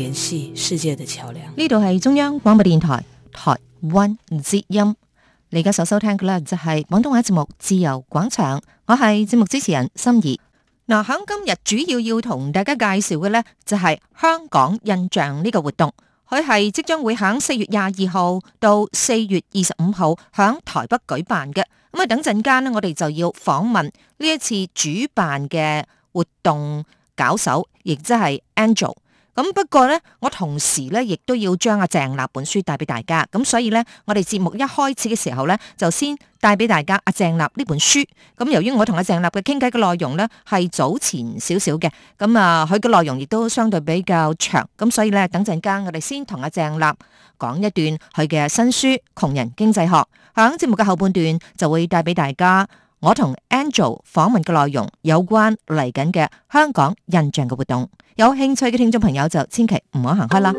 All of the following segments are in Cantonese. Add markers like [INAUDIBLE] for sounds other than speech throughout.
聯繫世界的橋梁呢度係中央廣播電台台灣之音。你而家所收聽嘅咧，就係廣東話節目《自由廣場》。我係節目主持人心儀嗱。響今日主要要同大家介紹嘅呢，就是，就係香港印象呢個活動。佢係即將會響四月廿二號到四月二十五號響台北舉辦嘅。咁啊，等陣間呢，我哋就要訪問呢一次主辦嘅活動搞手，亦即係 Angel。咁不過咧，我同時咧亦都要將阿鄭立本書帶俾大家。咁所以咧，我哋節目一開始嘅時候咧，就先帶俾大家阿、啊、鄭立呢本書。咁、嗯、由於我同阿鄭立嘅傾偈嘅內容呢係早前少少嘅，咁、嗯、啊，佢嘅內容亦都相對比較長。咁所以咧，等陣間我哋先同阿鄭立講一段佢嘅新書《窮人經濟學》。響節目嘅後半段就會帶俾大家我同 Angel 訪問嘅內容，有關嚟緊嘅香港印象嘅活動。有興趣嘅聽眾朋友就千祈唔好行開啦。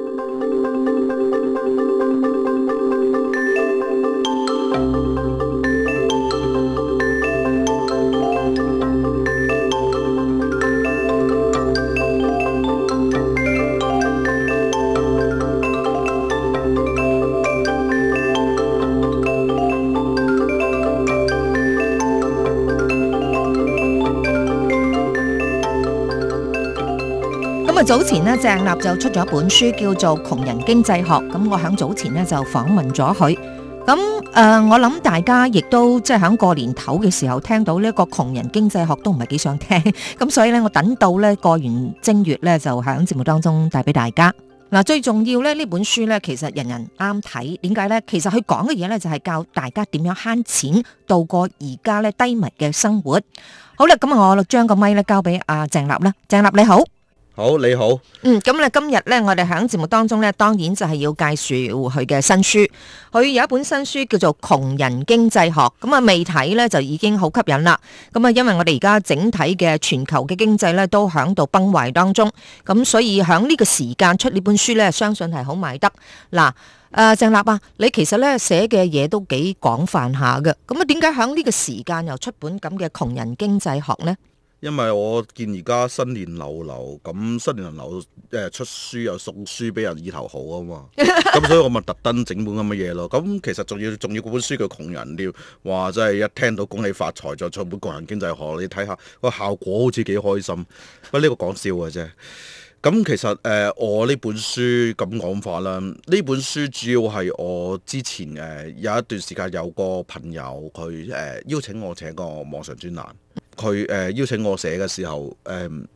早前呢，鄭立就出咗一本書，叫做《窮人經濟學》。咁我喺早前呢就訪問咗佢。咁誒、呃，我諗大家亦都即係喺過年頭嘅時候聽到呢個《窮人經濟學》都唔係幾想聽。咁所以呢，我等到咧過完正月呢，就喺節目當中帶俾大家。嗱，最重要咧呢本書呢，其實人人啱睇。點解呢？其實佢講嘅嘢呢，就係教大家點樣慳錢度過而家咧低迷嘅生活。好啦，咁我將個咪咧交俾阿鄭立啦。鄭立你好。好，你好。嗯，咁咧今日咧，我哋喺節目當中咧，當然就係要介紹佢嘅新書。佢有一本新書叫做《窮人經濟學》，咁啊未睇咧就已經好吸引啦。咁啊，因為我哋而家整體嘅全球嘅經濟咧都響度崩壞當中，咁所以響呢個時間出呢本書咧，相信係好賣得。嗱、呃，誒鄭立啊，你其實咧寫嘅嘢都幾廣泛下嘅。咁啊，點解響呢個時間又出本咁嘅《窮人經濟學》呢？因為我見而家新年流流咁，新年流流出書又送書俾人意頭好啊嘛，咁 [LAUGHS] 所以我咪特登整本咁嘅嘢咯。咁其實仲要仲要本書叫《窮人料哇！真、就、係、是、一聽到恭喜發財，再出本《個人經濟學》你看看，你睇下個效果好似幾開心。喂、這個，呢個講笑嘅啫。咁其實誒、呃，我呢本書咁講法啦，呢本書主要係我之前誒、呃、有一段時間有個朋友佢誒、呃、邀請我請個網上專欄。佢誒邀請我寫嘅時候，誒、嗯、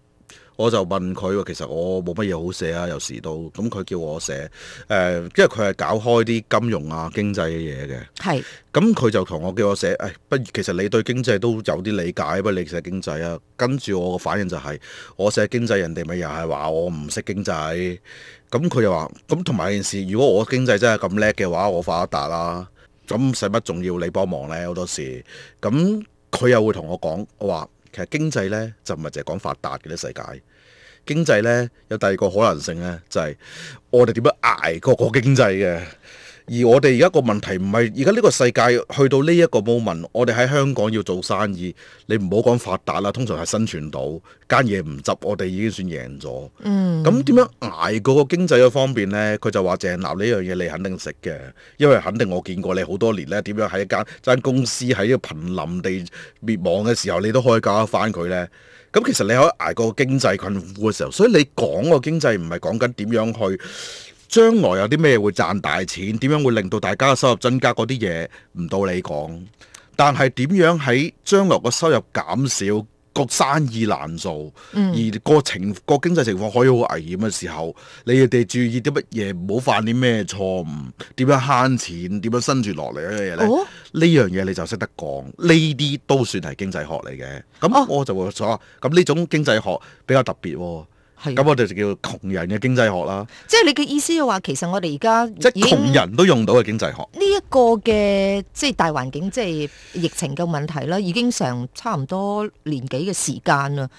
我就問佢，其實我冇乜嘢好寫啊，有時都。嗯，咁，佢叫我寫誒、嗯，因為佢係搞開啲金融啊、經濟嘅嘢嘅，係咁佢就同我叫我寫誒、哎，不如其實你對經濟都有啲理解，不如你寫經濟啊。跟住我嘅反應就係、是，我寫經濟，人哋咪又係話我唔識經濟，咁佢又話，咁同埋件事，如果我經濟真係咁叻嘅話，我發一達啦，咁使乜仲要你幫忙咧？好多時咁。嗯佢又會同我講，我話其實經濟呢就唔係淨係講發達嘅呢，世界經濟呢有第二個可能性呢，就係、是、我哋點樣捱個個經濟嘅。而我哋而家個問題唔係而家呢個世界去到呢一個 moment，我哋喺香港要做生意，你唔好講發達啦，通常係生存到間嘢唔執，我哋已經算贏咗。嗯，咁點樣捱過個經濟嘅方面呢？佢就話鄭立呢樣嘢你肯定識嘅，因為肯定我見過你好多年呢。點樣喺一間間公司喺一個瀕臨地滅亡嘅時候，你都可以救翻佢呢。咁其實你可以捱過經濟困苦嘅時候，所以你講個經濟唔係講緊點樣去。將來有啲咩會賺大錢？點樣會令到大家嘅收入增加？嗰啲嘢唔到你講，但係點樣喺將來個收入減少，個生意難做，而個情個經濟情況可以好危險嘅時候，你哋注意啲乜嘢，唔好犯啲咩錯誤？點樣慳錢？點樣生存落嚟一樣嘢咧？呢樣嘢你就識得講，呢啲都算係經濟學嚟嘅。咁、嗯哦、我就會所咁呢種經濟學比較特別、哦。係，咁我哋就叫窮人嘅經濟學啦。即係你嘅意思嘅話，其實我哋而家即係窮人都用到嘅經濟學。呢一個嘅即係大環境，即係疫情嘅問題啦，已經成差唔多年幾嘅時間啦。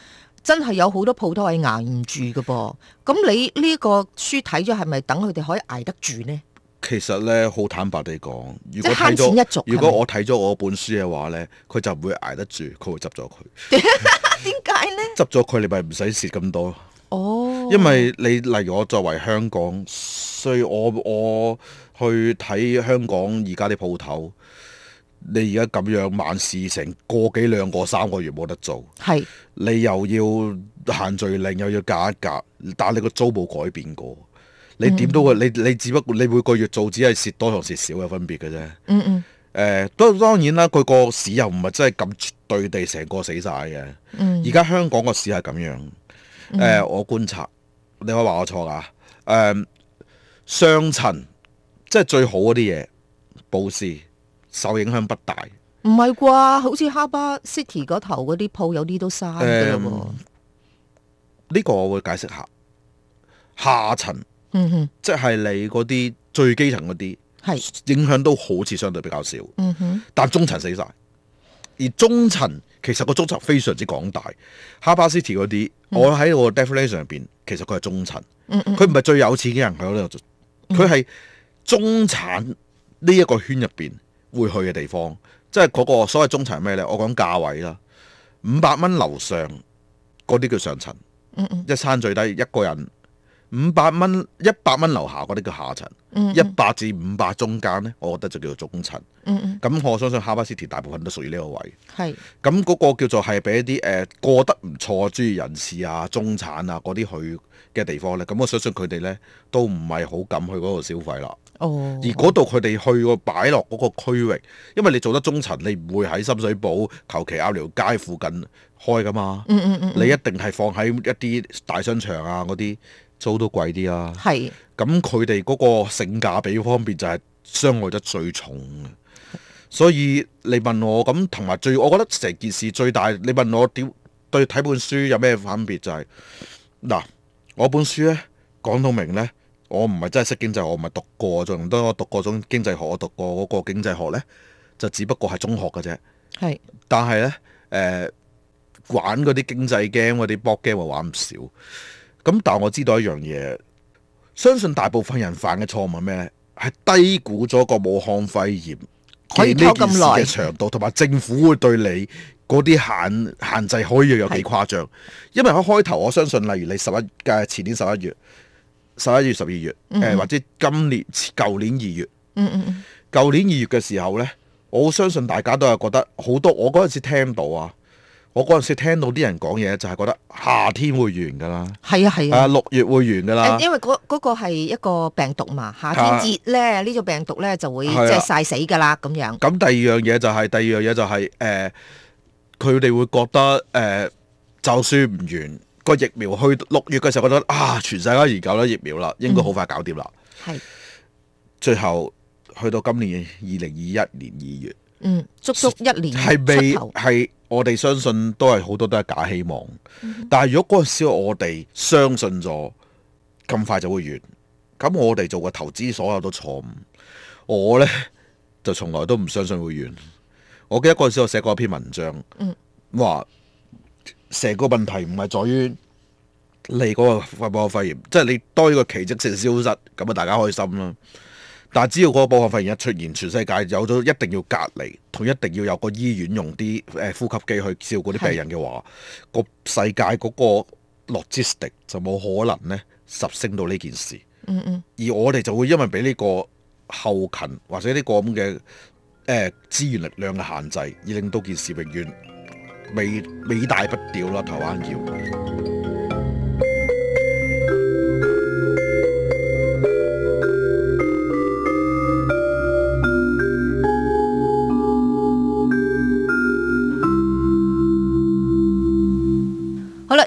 真係有好多鋪頭係捱唔住嘅噃。咁你呢個書睇咗係咪等佢哋可以捱得住呢？其實呢，好坦白地講，如果慳錢一族。如果我睇咗我本書嘅話呢，佢就唔會捱得住，佢會執咗佢。點解呢？執咗佢，你咪唔使蝕咁多。哦，因為你例如我作為香港，所以我我去睇香港而家啲鋪頭，你而家咁樣萬事成個兩個，過幾兩個三個月冇得做，係是你又要限聚令，又要價一價，但係你個租冇改變過，你點都會、嗯、你你只不過你每個月做只係蝕多同蝕少嘅分別嘅啫，嗯嗯，誒，都當然啦，佢個市又唔係真係咁絕對地成個死晒嘅，而家、嗯、香港個市係咁樣。誒、嗯呃，我觀察，你可以話我錯噶？誒、呃，上層即係最好嗰啲嘢，布施受影響不大。唔係啩？好似哈巴 city 嗰頭嗰啲鋪，有啲都嘥嘅。呢個我會解釋下。下層，嗯、哼即係你嗰啲最基層嗰啲，係是影響都好似相對比較少。嗯、哼但中層死晒。而中層其實個中層非常之廣大，哈巴施提嗰啲，嗯、我喺我 definition 入邊，其實佢係中層，佢唔係最有錢嘅人喺度，佢係、就是嗯、中產呢一個圈入邊會去嘅地方，即係嗰個所謂中層係咩呢？我講價位啦，五百蚊樓上嗰啲叫上層。嗯嗯、一餐最低一個人。五百蚊、一百蚊樓下嗰啲叫下層，一百至五百中間呢，我覺得就叫做中層。咁、嗯、我相信哈巴斯提大部分都屬於呢個位。係咁嗰個叫做係俾一啲誒過得唔錯、專業人士啊、中產啊嗰啲去嘅地方呢，咁我相信佢哋呢都唔係好敢去嗰度消費啦。哦，而嗰度佢哋去個擺落嗰個區域，因為你做得中層，你唔會喺深水埗、求其鴨寮街附近開噶嘛。嗯嗯嗯、你一定係放喺一啲大商場啊嗰啲。租都貴啲啊。係咁佢哋嗰個性價比方面就係傷害得最重嘅，是所以你問我咁同埋最，我覺得成件事最大。你問我點對睇本書有咩分別，就係，就係嗱，我本書呢，講到明呢，我唔係真係識經濟學，我唔係讀過，仲多我讀嗰種經濟學，我讀過嗰個經濟學呢，就只不過係中學嘅啫。係是，但係呢，誒、呃、玩嗰啲經濟 game、嗰啲 board game，我玩唔少。咁但係我知道一樣嘢，相信大部分人犯嘅錯誤係咩？係低估咗個武漢肺炎佢呢件事嘅長度，同埋政府會對你嗰啲限限制可以有幾誇張？是因為喺開頭，我相信例如你十一誒前年十一月、十一月十二月誒、嗯呃，或者今年舊年二月，嗯嗯舊年二月嘅時候呢，我相信大家都係覺得好多，我嗰陣時聽到啊。我嗰陣時聽到啲人講嘢，就係、是、覺得夏天會完噶啦，係啊係啊，六、啊、月會完噶啦。因為嗰、那、嗰個係、那個、一個病毒嘛，夏天熱咧，呢個、啊、病毒咧就會即係晒死噶啦咁樣。咁、啊、第二樣嘢就係、是，第二樣嘢就係、是，誒、呃，佢哋會覺得誒、呃，就算唔完個疫苗去到六月嘅時候，覺得啊，全世界研究咗疫苗啦，應該好快搞掂啦。係、嗯，最後去到今年二零二一年二月，嗯，足足一年係未係？我哋相信都係好多都係假希望，但係如果嗰陣時我哋相信咗咁快就會完，咁我哋做個投資所有都錯誤。我呢，就從來都唔相信會完。我記得嗰陣時我寫過一篇文章，話成個問題唔係在於你嗰個肺炎，即係你多一個奇蹟性消失，咁啊大家開心啦。但只要個武漢肺炎一出現，全世界有咗一定要隔離同一定要有個醫院用啲誒呼吸機去照顧啲病人嘅話，個是的 世界嗰個 logistics 就冇可能咧，實升到呢件事。嗯嗯。而我哋就會因為俾呢個後勤或者呢個咁嘅誒資源力量嘅限制，而令到件事永遠尾尾大不掉啦。台灣要。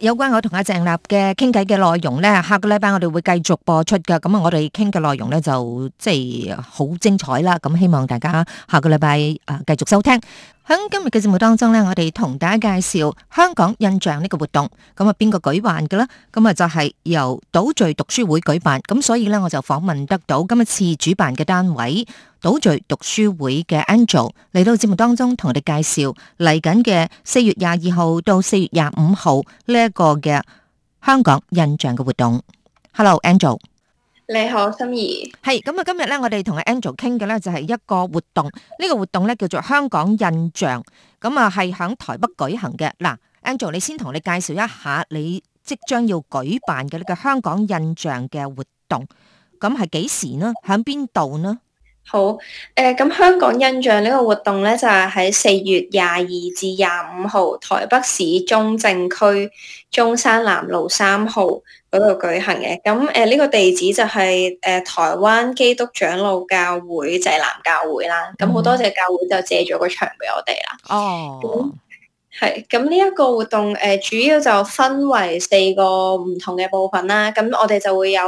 有關我同阿鄭立嘅傾偈嘅內容呢，下個禮拜我哋會繼續播出㗎。咁啊，我哋傾嘅內容呢，就即係好精彩啦。咁希望大家下個禮拜啊繼續收聽。喺今日嘅節目當中呢，我哋同大家介紹香港印象呢個活動。咁啊，邊個舉辦嘅呢？咁啊，就係由島聚讀書會舉辦。咁所以呢，我就訪問得到今一次主辦嘅單位。島聚讀書會嘅 Angel 嚟到節目當中，同我哋介紹嚟緊嘅四月廿二號到四月廿五號呢一個嘅香港印象嘅活動。Hello，Angel，你好，心儀，係咁啊。今日咧，我哋同 Angel 傾嘅咧就係一個活動。呢、這個活動咧叫做香港印象，咁啊，係響台北舉行嘅嗱。Angel，你先同你介紹一下你即將要舉辦嘅呢個香港印象嘅活動，咁係幾時呢？響邊度呢？好誒，咁、呃、香港印象呢個活動咧，就係喺四月廿二至廿五號台北市中正區中山南路三號嗰度舉行嘅。咁誒、呢、呃這個地址就係、是、誒、呃、台灣基督長老教會濟、就是、南教會啦。咁好多謝教會就借咗個場俾我哋啦。哦、oh. 嗯。咁係，咁呢一個活動誒、呃，主要就分為四個唔同嘅部分啦。咁我哋就會有。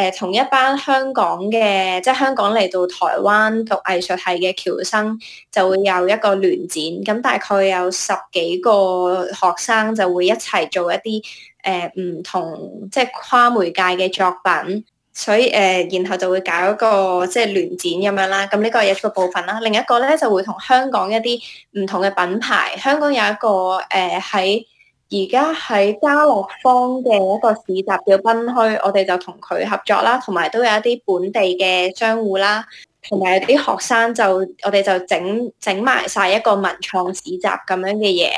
誒同一班香港嘅，即係香港嚟到台灣讀藝術系嘅僑生，就會有一個聯展。咁大概有十幾個學生就會一齊做一啲誒唔同，即係跨媒介嘅作品。所以誒、呃，然後就會搞一個即係聯展咁樣啦。咁呢個係一個部分啦。另一個咧就會同香港一啲唔同嘅品牌，香港有一個誒喺。呃而家喺家樂坊嘅一個市集叫賓墟，我哋就同佢合作啦，同埋都有一啲本地嘅商戶啦，同埋啲學生就我哋就整整埋晒一個文創市集咁樣嘅嘢。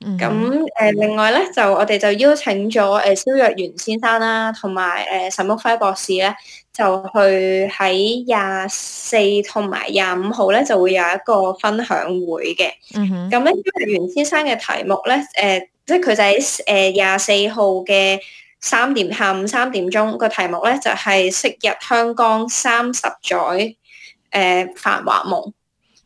咁誒、嗯哼呃，另外咧就我哋就邀請咗誒蕭若元先生啦，同埋誒沈旭暉博士咧，就去喺廿四同埋廿五號咧就會有一個分享會嘅。咁咧、嗯哼，蕭若元先生嘅題目咧，誒、呃。即係佢就喺誒廿四號嘅三點下午三點鐘，個題目咧就係、是、昔日香港三十載誒、呃、繁華夢。咁、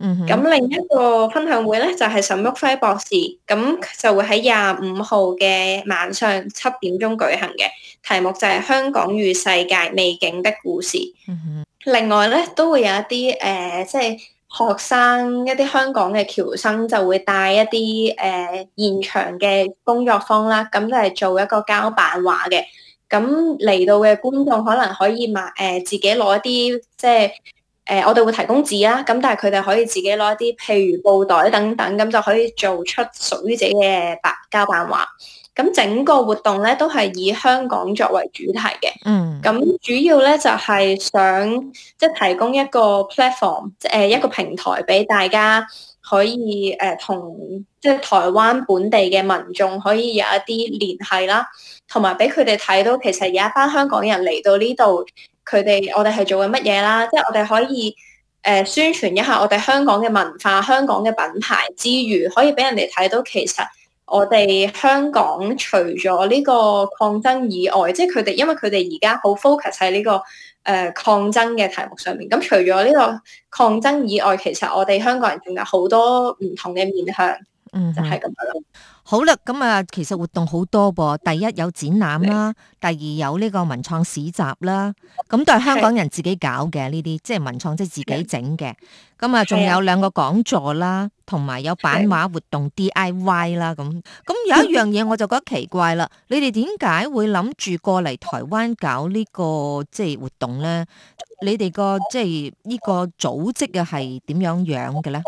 嗯、哼另一個分享會咧就係、是、沈旭輝博士，咁就會喺廿五號嘅晚上七點鐘舉行嘅，題目就係、是、香港與世界美景的故事。嗯、哼另外咧都會有一啲誒、呃、即係。學生一啲香港嘅僑生就會帶一啲誒、呃、現場嘅工作坊啦，咁就係做一個膠板畫嘅。咁嚟到嘅觀眾可能可以買誒、呃、自己攞一啲，即係誒我哋會提供紙啦。咁但係佢哋可以自己攞一啲，譬如布袋等等，咁就可以做出屬於自己嘅白膠板畫。咁整個活動咧都係以香港作為主題嘅。嗯。咁主要咧就係想即係提供一個 platform，即係一個平台俾大家可以誒同即係台灣本地嘅民眾可以有一啲聯繫啦，同埋俾佢哋睇到其實有一班香港人嚟到呢度，佢哋我哋係做緊乜嘢啦？即係我哋可以誒宣傳一下我哋香港嘅文化、香港嘅品牌之餘，可以俾人哋睇到其實。我哋香港除咗呢個抗爭以外，即係佢哋因為佢哋而家好 focus 喺呢個誒、呃、抗爭嘅題目上面。咁除咗呢個抗爭以外，其實我哋香港人仲有好多唔同嘅面向。嗯，係咁樣好啦，咁啊，其實活動好多噃。第一有展覽啦，的第二有呢個文創市集啦。咁都係香港人自己搞嘅呢啲，即係文創，即係自己整嘅。咁啊的，仲有兩個講座啦，同埋有，有版畫活動 DIY 啦。咁咁的有一樣嘢，我就覺得奇怪啦。 [LAUGHS] 你哋點解會諗住過嚟台灣搞呢個即係活動咧？你哋個即係呢個組織嘅係點樣樣嘅咧？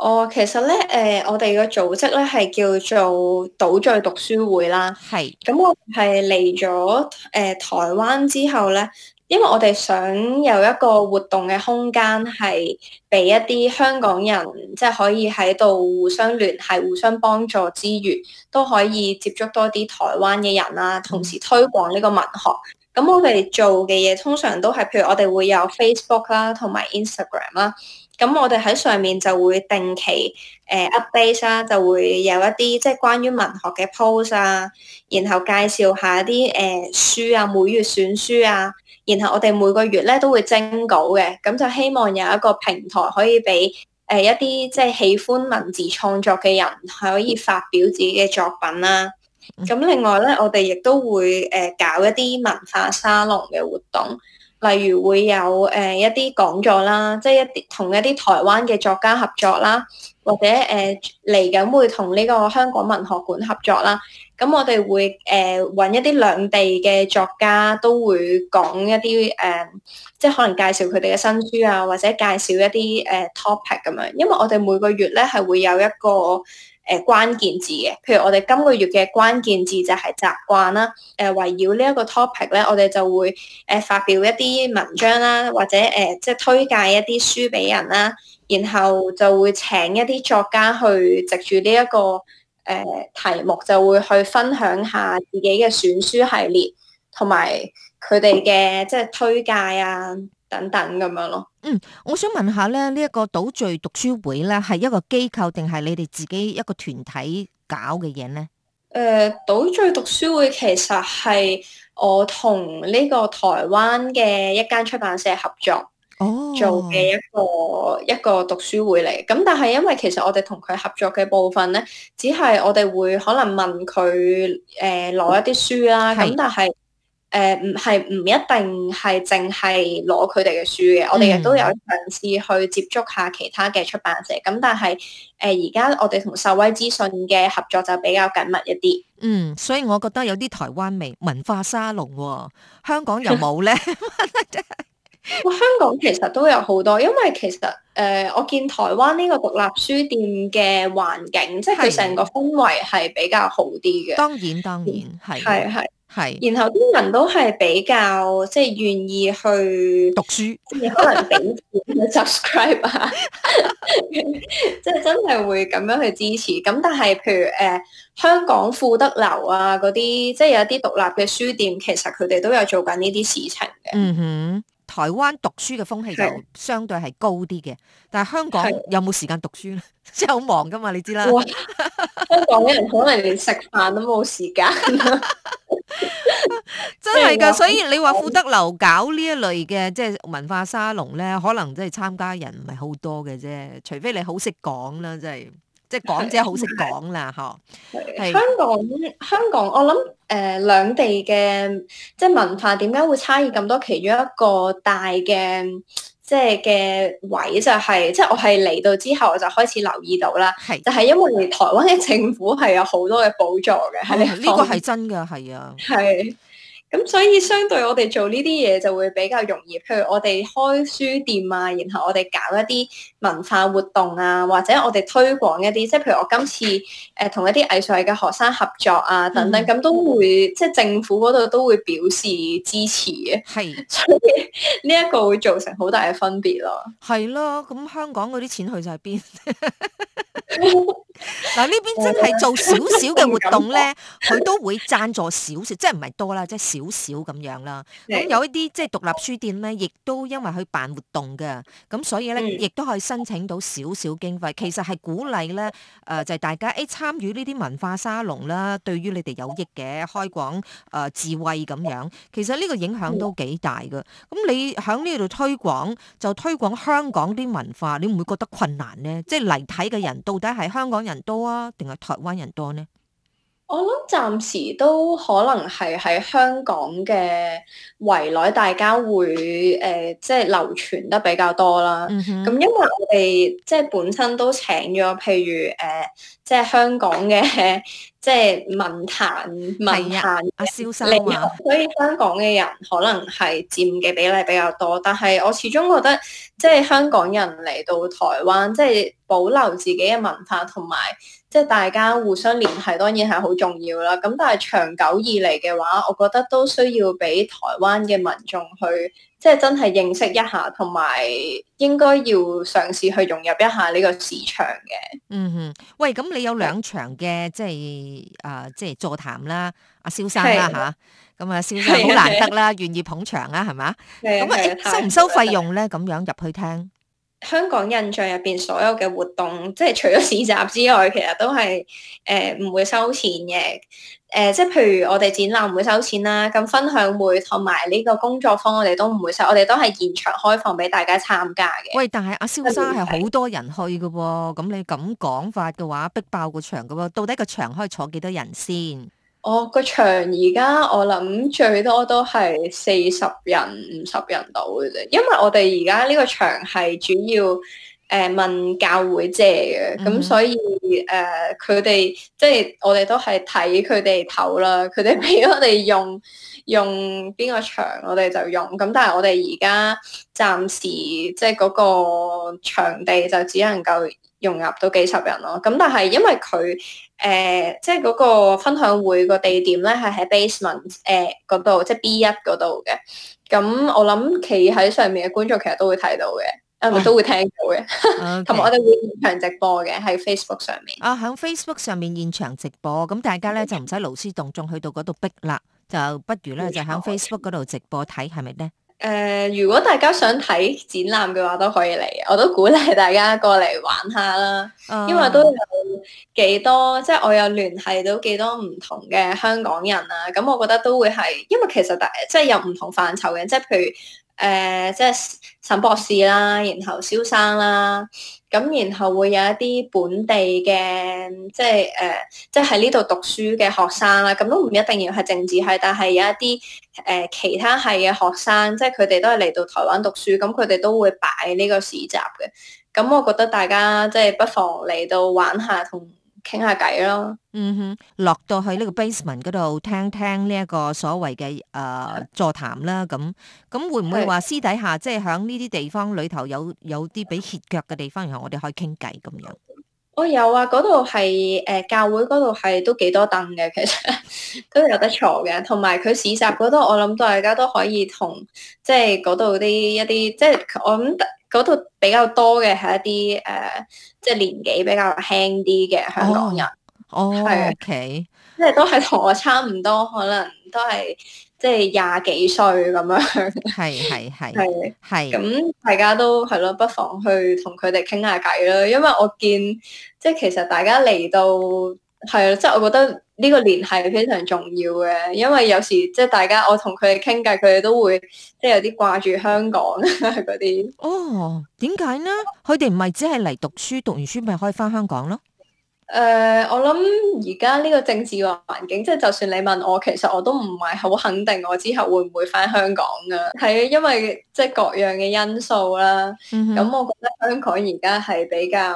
哦，其實咧，誒、呃，我哋個組織咧係叫做島聚讀書會啦。係是，咁我係嚟咗誒台灣之後咧，因為我哋想有一個活動嘅空間，係俾一啲香港人，即、就、係、是、可以喺度互相聯繫、互相幫助之餘，都可以接觸多啲台灣嘅人啦。同時推廣呢個文學。咁、嗯、我哋做嘅嘢通常都係，譬如我哋會有 Facebook 啦，同埋 Instagram 啦。咁我哋喺上面就會定期誒 update 啦，就會有一啲即係關於文學嘅 post 啊，然後介紹下啲誒、呃、書啊，每月選書啊，然後我哋每個月咧都會徵稿嘅，咁就希望有一個平台可以俾誒、呃、一啲即係喜歡文字創作嘅人可以發表自己嘅作品啦、啊。咁另外咧，我哋亦都會誒、呃、搞一啲文化沙龍嘅活動。例如會有誒、呃、一啲講座啦，即係一啲同一啲台灣嘅作家合作啦，或者誒嚟緊會同呢個香港文學館合作啦。咁我哋會誒揾、呃、一啲兩地嘅作家，都會講一啲誒、呃，即係可能介紹佢哋嘅新書啊，或者介紹一啲誒、呃、topic 咁樣。因為我哋每個月咧係會有一個。誒、呃、關鍵字嘅，譬如我哋今個月嘅關鍵字就係習慣啦。誒圍繞呢一個 topic 咧，我哋就會誒、呃、發表一啲文章啦，或者誒、呃、即係推介一啲書俾人啦，然後就會請一啲作家去藉住呢一個誒、呃、題目，就會去分享下自己嘅選書系列同埋佢哋嘅即係推介啊。等等咁樣咯。嗯，我想問下咧，呢、這、一個島聚讀書會咧，係一個機構定係你哋自己一個團體搞嘅嘢咧？誒、呃，島聚讀書會其實係我同呢個台灣嘅一間出版社合作，哦、做嘅一個一個讀書會嚟。咁但係因為其實我哋同佢合作嘅部分咧，只係我哋會可能問佢誒攞一啲書啦。咁是但係。誒，唔係，唔一定係淨係攞佢哋嘅書嘅，我哋亦都有嘗試去接觸下其他嘅出版社。咁但係誒而家我哋同秀威資訊嘅合作就比較緊密一啲。嗯，所以我覺得有啲台灣味文化沙龍、哦，香港有冇咧？ [LAUGHS] [LAUGHS] 香港其實都有好多，因為其實誒、呃，我見台灣呢個獨立書店嘅環境，的即係佢成個氛圍係比較好啲嘅。當然當然係係係。嗯的係，是然後啲人都係比較即係、就是、願意去讀書，而可能俾錢去 subscribe 啊，即係真係會咁樣去支持。咁但係譬如誒、呃，香港富德樓啊，嗰啲即係有一啲獨立嘅書店，其實佢哋都有做緊呢啲事情嘅。嗯哼，台灣讀書嘅風氣就相對係高啲嘅，是但係香港是有冇時間讀書咧？即係好忙噶嘛，你知啦。 [LAUGHS] 香港人可能連食飯都冇時間。 [LAUGHS] [LAUGHS] 真係噶，所以你話富德樓搞呢一類嘅即係文化沙龍咧，可能即係參加人唔係好多嘅啫。除非你好識講啦，即係即係講者好識講啦，嗬、就是。 [LAUGHS] 是香港香港，我諗誒兩地嘅即係文化，點解會差異咁多？其中一個大嘅。即係嘅位就係、係，即係我係嚟到之後，我就開始留意到啦。係係，就係因為台灣嘅政府係有好多嘅補助嘅，係呢、哦、個係真㗎，係啊，係。咁所以相對我哋做呢啲嘢就會比較容易，譬如我哋開書店啊，然後我哋搞一啲文化活動啊，或者我哋推廣一啲，即係譬如我今次誒同、呃、一啲藝術嘅學生合作啊等等，咁都會即係政府嗰度都會表示支持嘅。係是，呢一、呢個會造成好大嘅分別咯。係咯、啊，咁香港嗰啲錢去晒邊？嗱 [LAUGHS] 呢 [LAUGHS] [LAUGHS] 邊真係做少少嘅活動咧，佢 [LAUGHS] 敢說 [LAUGHS] 都會贊助少少，即係唔係多啦，即係少。少少咁樣啦，咁、嗯、有一啲即係獨立書店咧，亦都因為去辦活動嘅，咁所以咧亦都可以申請到少少經費。其實係鼓勵咧，誒、呃、就係、是、大家誒、欸、參與呢啲文化沙龍啦，對於你哋有益嘅，開廣誒、呃、智慧咁樣。其實呢個影響都幾大嘅。咁你喺呢度推廣，就推廣香港啲文化，你唔會覺得困難呢？即係嚟睇嘅人，到底係香港人多啊，定係台灣人多呢？我諗暫時都可能係喺香港嘅圍內，大家會誒、呃，即係流傳得比較多啦。咁、嗯、哼因為我哋即係本身都請咗，譬如誒。呃即係香港嘅，即係文壇，文壇啊消失。所以香港嘅人可能係佔嘅比例比較多，但係我始終覺得，即係香港人嚟到台灣，即係保留自己嘅文化同埋，即係大家互相聯繫，當然係好重要啦。咁但係長久以嚟嘅話，我覺得都需要俾台灣嘅民眾去。即係真係認識一下，同埋應該要嘗試去融入一下呢個市場嘅。嗯哼，喂，咁你有兩場嘅是即係啊、呃，即係座談啦，阿蕭生啦、啊、嚇，咁的啊，蕭生好難得啦，的願意捧場啦，係嘛？咁啊，的欸、收唔收費用咧？咁樣入去聽。香港印象入邊所有嘅活動，即係除咗市集之外，其實都係誒唔會收錢嘅。誒、呃，即係譬如我哋展覽唔會收錢啦，咁分享會同埋呢個工作坊我哋都唔會收，我哋都係現場開放俾大家參加嘅。喂，但係阿蕭生係好多人去嘅喎、哦，咁你咁講法嘅話，逼爆個場嘅喎，到底個場可以坐幾多人先？我、哦，那個場而家我諗最多都係四十人、五十人度嘅啫，因為我哋而家呢個場係主要誒、呃、問教會借嘅，咁、mm hmm. 所以誒佢哋即係我哋都係睇佢哋頭啦，佢哋俾我哋用、mm hmm. 用邊個場我哋就用，咁但係我哋而家暫時即係嗰個場地就只能夠。融入到幾十人咯，咁但係因為佢誒即係嗰個分享會個地點咧係喺 Basement 誒、呃、嗰度，即係、就是、B 一嗰度嘅。咁我諗企喺上面嘅觀眾其實都會睇到嘅，啊、都會聽到嘅，同 [LAUGHS] 埋 Okay. 我哋會現場直播嘅喺 Facebook 上面。啊，喺 Facebook 上面現場直播，咁大家咧就唔使勞師動眾去到嗰度逼啦，就不如咧就喺 Facebook 嗰度直播睇係咪呢？誒、呃，如果大家想睇展覽嘅話，都可以嚟，我都鼓勵大家過嚟玩下啦。啊、因為都有幾多，即係我有聯繫到幾多唔同嘅香港人啊，咁我覺得都會係，因為其實大即係有唔同範疇嘅，即係譬如。誒、呃，即係沈博士啦，然後蕭生啦，咁然後會有一啲本地嘅，即係誒、呃，即係喺呢度讀書嘅學生啦，咁都唔一定要係政治系，但係有一啲誒、呃，其他系嘅學生，即係佢哋都係嚟到台灣讀書，咁佢哋都會擺呢個市集嘅，咁我覺得大家即係不妨嚟到玩下同。傾下偈咯，嗯哼，落到去呢個 basement 嗰度，聽聽呢一個所謂嘅誒座談啦，咁、呃、咁的、啊、會唔會話私底下即係喺呢啲地方裏頭有有啲俾歇腳嘅地方，然後我哋可以傾偈咁樣？我、哦、有啊，嗰度係誒教會嗰度係都幾多凳嘅，其實都有得坐嘅，同埋佢市集嗰度，我諗到大家都可以同即係嗰度啲一啲即係我諗。嗰度比較多嘅係一啲誒、呃，即係年紀比較輕啲嘅香港人，係、Oh, yeah. Oh, okay.，即係都係同我差唔多，可能都係即係廿幾歲咁樣，係係係係，咁大家都係咯，不妨去同佢哋傾下偈啦，因為我見即係其實大家嚟到。係啊，即係我覺得呢個聯繫係非常重要嘅，因為有時即係大家我同佢哋傾偈，佢哋都會即係有啲掛住香港嗰啲。 [LAUGHS] 些哦，點解呢？佢哋唔係只係嚟讀書，嗯、讀完書咪可以返香港咯？誒、呃，我諗而家呢個政治嘅環境，即係就算你問我，其實我都唔係好肯定我之後會唔會返香港㗎。係啊，因為即係各樣嘅因素啦。咁、嗯、哼我覺得香港而家係比較。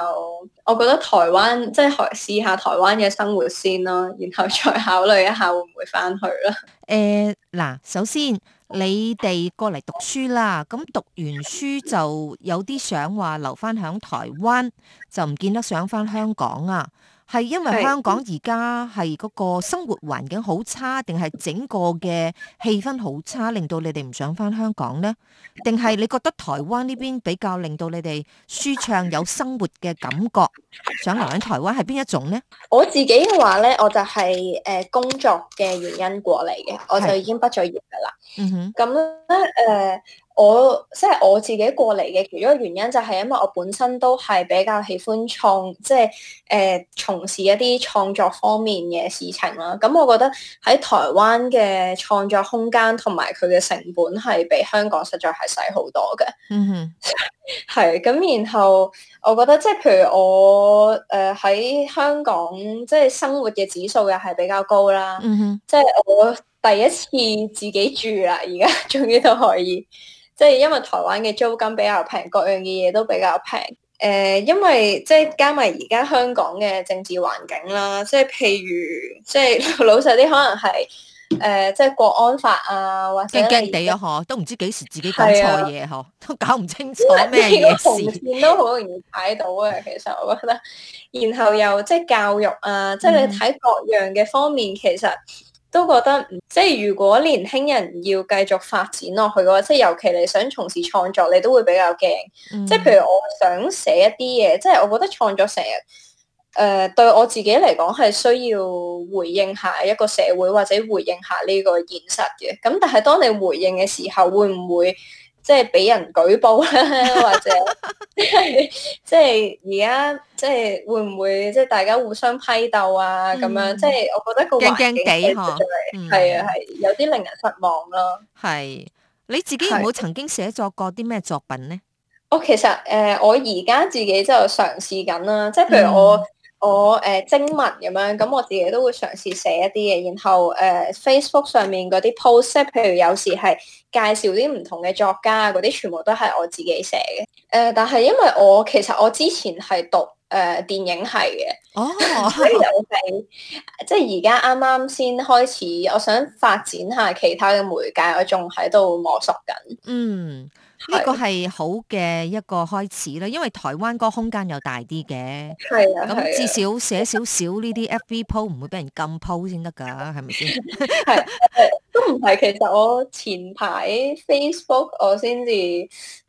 我覺得台灣即係試下台灣嘅生活先咯，然後再考慮一下會唔會翻去啦。誒，嗱，首先你哋過嚟讀書啦，咁讀完書就有啲想話留翻喺台灣，就唔見得想翻香港啊。係因為香港而家係嗰個生活環境好差，定係整個嘅氣氛好差，令到你哋唔想返香港呢？定係你覺得台灣呢邊比較令到你哋舒暢，有生活嘅感覺，想留喺台灣係邊一種呢？我自己嘅話呢，我就係誒工作嘅原因過嚟嘅，我就已經畢咗業噶啦。嗯哼，咁咧誒。Hmm. 我即係我自己過嚟嘅，其中原因就係因為我本身都係比較喜歡創，即係誒從事一啲創作方面嘅事情啦。咁我覺得喺台灣嘅創作空間同埋佢嘅成本係比香港實在係細好多嘅。嗯哼，係咁，然後我覺得即係譬如我誒喺香港即係生活嘅指數又係比較高啦。嗯。嗯哼，即係我第一次自己住啦，而家終於都可以。即係因為台灣嘅租金比較平，各樣嘅嘢都比較平。誒、呃，因為即係加埋而家香港嘅政治環境啦，即係譬如，即係老實啲，可能係誒、呃，即係國安法啊，或者驚驚哋啊嗬，都唔知幾時自己講錯嘢，嗬、啊，都搞唔清楚咩事。紅線都好容易睇到啊，其實我覺得，然後又即係教育啊，嗯、即係你睇各樣嘅方面，其實。都覺得即係，如果年輕人要繼續發展落去嘅話，即係尤其你想從事創作，你都會比較驚。嗯、即係譬如我想寫一啲嘢，即係我覺得創作成日誒對我自己嚟講係需要回應下一個社會或者回應下呢個現實嘅。咁但係當你回應嘅時候，會唔會？即係俾人舉報啦， [LAUGHS] 或者 [LAUGHS] 即係而家即係會唔會即係大家互相批鬥啊？咁、嗯、樣即係我覺得個環境逼、就、嗬、係，嚟、嗯，係啊係，有啲令人失望咯。係你自己有冇曾經寫作過啲咩作品咧？我其實誒、呃，我而家自己就嘗試緊啦，即係譬如我。嗯我誒、呃、精文咁樣，咁我自己都會嘗試寫一啲嘅，然後誒、呃、 [NOISE] Facebook 上面嗰啲 post，譬如有時係介紹啲唔同嘅作家嗰啲，全部都係我自己寫嘅。誒、呃，但係因為我其實我之前係讀誒、呃、電影系嘅，哦，oh, oh, oh. [LAUGHS] 所以即係而家啱啱先開始，我想發展下其他嘅媒介，我仲喺度摸索緊。嗯。Mm. 呢個係好嘅一個開始啦，因為台灣個空間又大啲嘅，係啊，咁至少寫少少呢啲 FB post 唔會俾人禁 post 先得㗎，係咪先？係 [LAUGHS] [LAUGHS] 都唔係。其實我前排 Facebook 我先至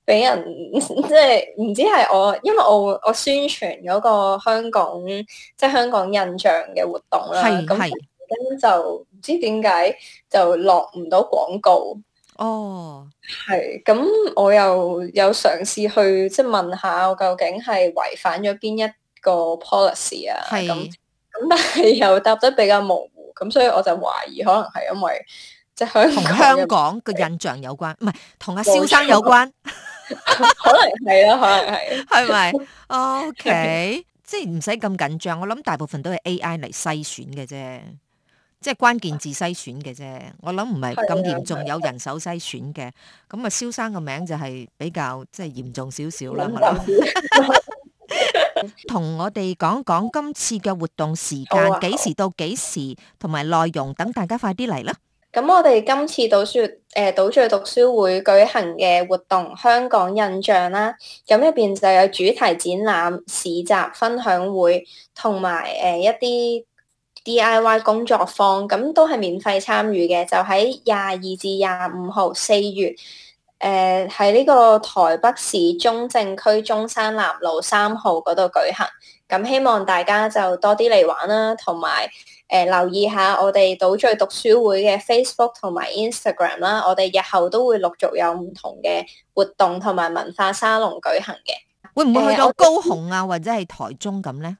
俾人，即係唔知係我，因為我我宣傳嗰個香港即係、就是、香港印象嘅活動啦，咁跟的就唔的知點解就落唔到廣告。哦，係咁、oh.，我又有嘗試去即係問下我究竟係違反咗邊一個 policy 啊？係咁是，但係又答得比較模糊，咁所以我就懷疑可能係因為即係香港同香港嘅印象有關，唔係同阿蕭生有關， [LAUGHS] [LAUGHS] 可能係咯、啊，可能係係咪？OK， [LAUGHS] 即係唔使咁緊張，我諗大部分都係 AI 嚟篩選嘅啫。即係關鍵字篩選嘅啫，我諗唔係咁嚴重，的有人手篩選嘅。咁啊，蕭生個名就係比較即係、即係、嚴重少少啦。同 [LAUGHS] [LAUGHS] 我哋講講今次嘅活動時間幾、啊、時到幾時，同埋內容，等大家快啲嚟啦。咁我哋今次島聚誒島聚讀書會舉行嘅活動《香港印象》啦、啊，咁入邊就有主題展覽、市集、分享會同埋誒一啲。D.I.Y. 工作坊咁都係免費參與嘅，就喺廿二至廿五號四月，誒喺呢個台北市中正區中山南路三號嗰度舉行。咁希望大家就多啲嚟玩啦，同埋誒留意下我哋島聚讀書會嘅 Facebook 同埋 Instagram 啦。我哋日後都會陸續有唔同嘅活動同埋文化沙龍舉行嘅。會唔會去到高雄啊，呃、或者係台中咁、啊、呢？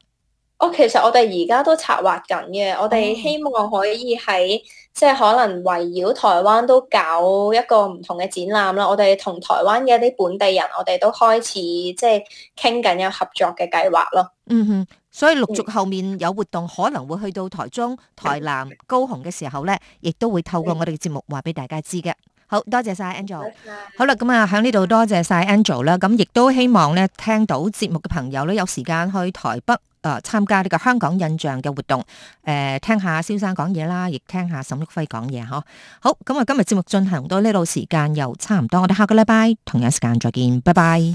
我、哦、其實我哋而家都策劃緊嘅，嗯、我哋希望可以喺即係可能圍繞台灣都搞一個唔同嘅展覽啦。我哋同台灣嘅一啲本地人，我哋都開始即係傾緊有合作嘅計劃咯。嗯哼，所以陸續後面有活動可能會去到台中、台南、高雄嘅時候呢，亦都會透過我哋嘅節目話俾大家知嘅。好多謝晒 Angel。好啦，咁啊，喺呢度多謝晒 Angel 啦。咁亦都希望呢聽到節目嘅朋友呢，有時間去台北。.誒參加呢個香港印象嘅活動，誒、呃、聽下蕭生講嘢啦，亦聽下沈旭輝講嘢呵。好，咁啊今日節目進行到呢度時間，又差唔多，我哋下個禮拜同樣時間再見，拜拜。